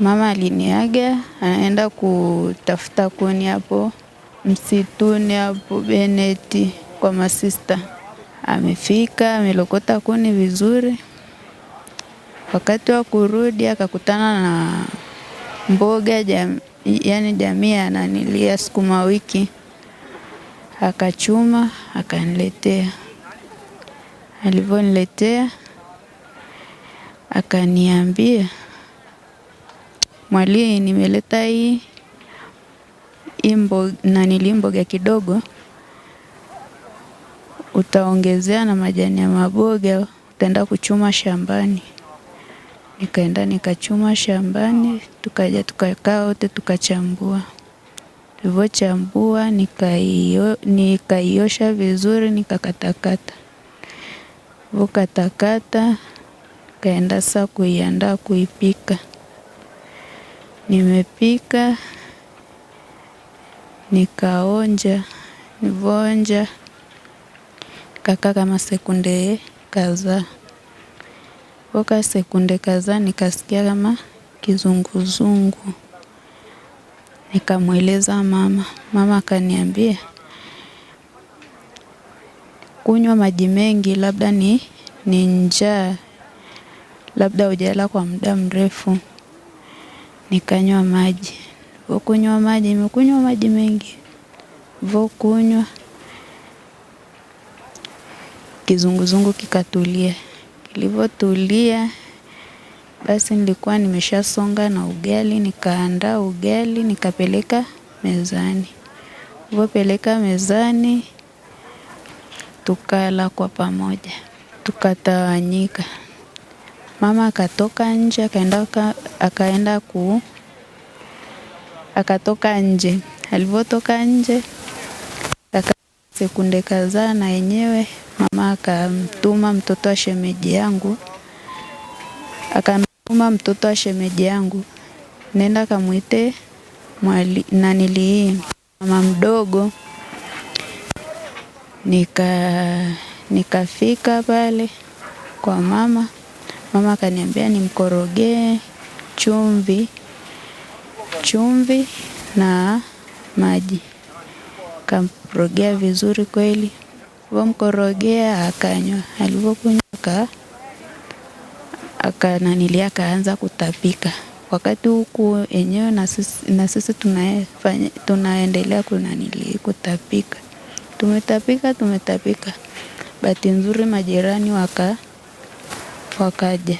Mama aliniaga anaenda kutafuta kuni hapo msituni hapo Beneti kwa masista. Amefika amelokota kuni vizuri, wakati wa kurudi akakutana na mboga jam, yani jamii ananilia siku sukuma wiki, akachuma akaniletea. Alivyoniletea akaniambia mwalii nimeleta hii imbo na nilimboga kidogo, utaongezea na majani ya maboga, utaenda kuchuma shambani. Nikaenda nikachuma shambani, tukaja tukakaa wote tukachambua. Tulivyochambua nikaiosha nika vizuri, nikakatakata vokatakata, kaenda saa kuiandaa kuipika. Nimepika, nikaonja, nivonja, kakaa kama sekunde kadhaa. Poka sekunde kadhaa, nikasikia kama kizunguzungu, nikamweleza mama. Mama akaniambia kunywa maji mengi, labda ni ni njaa, labda ujala kwa muda mrefu nikanywa maji. Vokunywa maji, nimekunywa maji mengi, vokunywa kizunguzungu kikatulia. Kilivyotulia basi, nilikuwa nimeshasonga na ugali, nikaandaa ugali nikapeleka mezani. Vopeleka mezani, tukala kwa pamoja, tukatawanyika. Mama akatoka nje akaenda akaenda ku akatoka nje. Alivyotoka nje aka sekunde kadhaa, na yenyewe mama akamtuma mtoto wa shemeji yangu, akamtuma mtoto wa shemeji yangu, nenda kamwite mwali nanilii mama mdogo. Nika nikafika pale kwa mama Mama akaniambia nimkorogee chumvi, chumvi na maji. Kamkorogea vizuri kweli, mkorogea akanywa. Alivyokunywa aka akananilia akaanza kutapika wakati huku enyewe na sisi, na sisi tunafanya, tunaendelea kunanili kutapika. Tumetapika tumetapika, bahati nzuri majirani waka wakaja.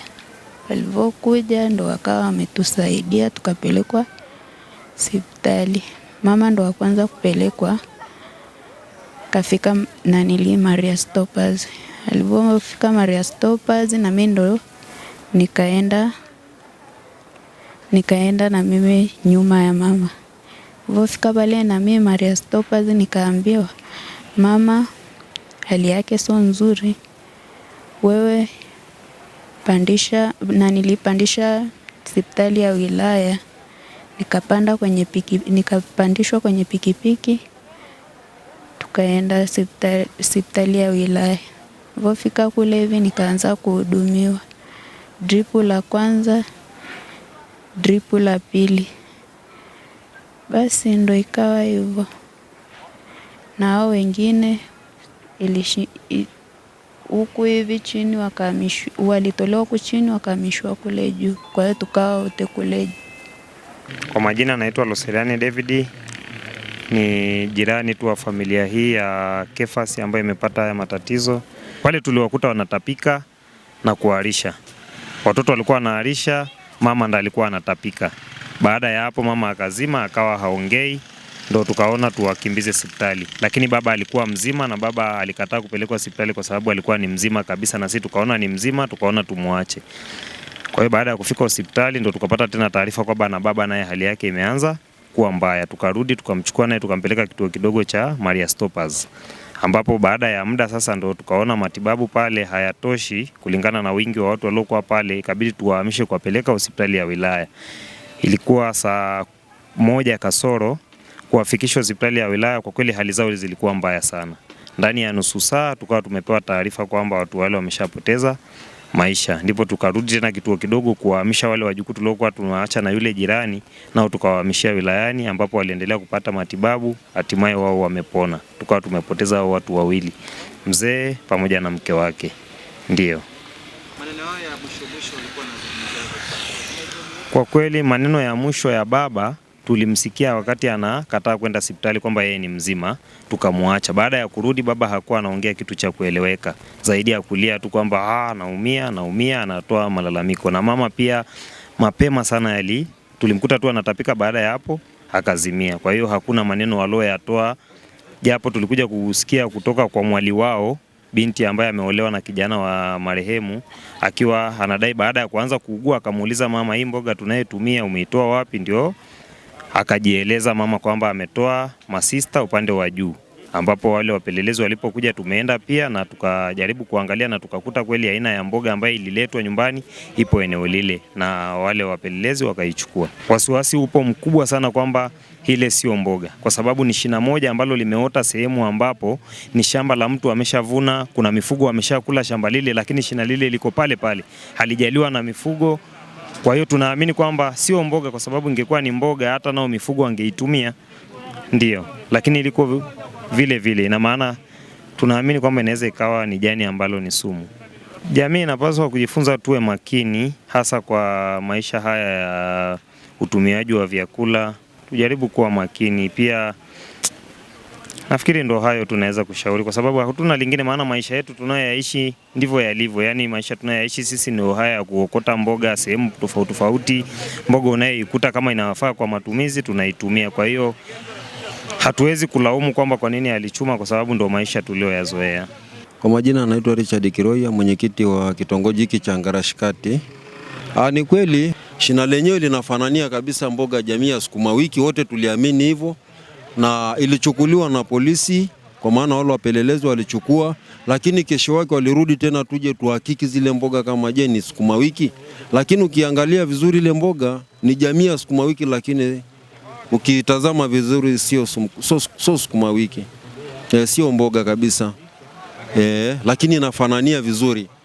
Walivyokuja ndo wakawa wametusaidia, tukapelekwa sipitali. Mama ndo wa kwanza kupelekwa, kafika nanili Maria Stoppers. Alivyofika Maria Stoppers, na mimi ndo nikaenda nikaenda na mimi nyuma ya mama. Nilipofika pale na mimi Maria Stoppers, nikaambiwa mama hali yake sio nzuri, wewe nilipandisha na nilipandisha hospitali ya wilaya nikapanda kwenye piki, nikapandishwa kwenye pikipiki tukaenda hospitali ya wilaya. Vofika kule hivi nikaanza kuhudumiwa dripu la kwanza, dripu la pili, basi ndo ikawa hivyo na wengine ilishi huku hivi chini, wakahamishwa, walitolewa huku chini wakahamishwa kule juu. Kwa hiyo tukawa wote kule juu. Kwa majina naitwa loseriani David, ni jirani tu wa familia hii ya Kefas ambayo imepata haya matatizo. pale tuliwakuta wanatapika na kuharisha, watoto walikuwa wanaharisha, mama ndo alikuwa anatapika. Baada ya hapo, mama akazima, akawa haongei ndo tukaona tuwakimbize hospitali, lakini baba alikuwa mzima na baba alikataa kupelekwa hospitali kwa sababu alikuwa ni mzima kabisa, na sisi tukaona ni mzima, tukaona tumwache. Kwa hiyo baada ya kufika hospitali ndo tukapata tena taarifa kwamba na baba naye hali yake imeanza kuwa mbaya, tukarudi tukamchukua naye tukampeleka kituo kidogo cha Maria Stoppers ambapo baada ya muda sasa ndo tukaona matibabu pale hayatoshi kulingana na wingi wa watu waliokuwa pale, ikabidi tuwahamishe kuwapeleka hospitali ya wilaya. Ilikuwa saa moja kasoro kuwafikisha hospitali ya wilaya, kwa kweli hali zao zilikuwa mbaya sana. Ndani ya nusu saa tukawa tumepewa taarifa kwamba watu wale wameshapoteza maisha, ndipo tukarudi tena kituo kidogo kuwahamisha wale wajukuu tuliokuwa tunawaacha na yule jirani, nao tukawahamishia wilayani, ambapo waliendelea kupata matibabu, hatimaye wao wamepona. Tukawa tumepoteza hao watu wawili, mzee pamoja na mke wake. ndio kwa kweli maneno ya mwisho ya baba tulimsikia wakati anakataa kwenda hospitali kwamba yeye ni mzima, tukamwacha. Baada ya kurudi, baba hakuwa anaongea kitu cha kueleweka zaidi ya kulia tu kwamba ah, naumia naumia, anatoa malalamiko. Na mama pia mapema sana yali tulimkuta tu anatapika, baada ya hapo akazimia. Kwa hiyo hakuna maneno alioyatoa, japo tulikuja kusikia kutoka kwa mwali wao binti ambaye ameolewa na kijana wa marehemu, akiwa anadai baada ya kuanza kuugua akamuuliza mama, hii mboga tunayetumia umeitoa wapi? ndio akajieleza mama kwamba ametoa masista upande wa juu, ambapo wale wapelelezi walipokuja tumeenda pia na tukajaribu kuangalia na tukakuta kweli aina ya mboga ambayo ililetwa nyumbani ipo eneo lile, na wale wapelelezi wakaichukua. Wasiwasi upo mkubwa sana kwamba hile sio mboga, kwa sababu ni shina moja ambalo limeota sehemu ambapo ni shamba la mtu ameshavuna, kuna mifugo ameshakula shamba lile, lakini shina lile liko pale pale, halijaliwa na mifugo kwa hiyo tunaamini kwamba sio mboga, kwa sababu ingekuwa ni mboga hata nao mifugo angeitumia, ndio, lakini ilikuwa vile vile. Ina maana tunaamini kwamba inaweza ikawa ni jani ambalo ni sumu. Jamii inapaswa kujifunza, tuwe makini, hasa kwa maisha haya ya utumiaji wa vyakula, tujaribu kuwa makini pia. Nafikiri ndo hayo tunaweza kushauri, kwa sababu hatuna lingine, maana maisha yetu tunayoyaishi ndivyo yalivyo. Yaani maisha tunayoyaishi sisi ni haya ya kuokota mboga sehemu tofauti tofauti. Mboga unayoikuta kama inawafaa kwa matumizi, tunaitumia. Kwa hiyo hatuwezi kulaumu kwamba kwa nini alichuma, kwa sababu ndo maisha tuliyoyazoea. Kwa majina anaitwa Richard Kiroya, mwenyekiti wa kitongoji hiki cha Ngarashkati. Ah, ni kweli shina lenyewe linafanania kabisa mboga jamii ya sukuma wiki, wote tuliamini hivyo na ilichukuliwa na polisi, kwa maana wale wapelelezi walichukua, lakini kesho wake walirudi tena, tuje tuhakiki zile mboga kama je ni sukuma wiki. Lakini ukiangalia vizuri ile mboga ni jamii ya sukuma wiki, lakini ukitazama vizuri sio so, so sukuma wiki e, sio mboga kabisa e, lakini inafanania vizuri.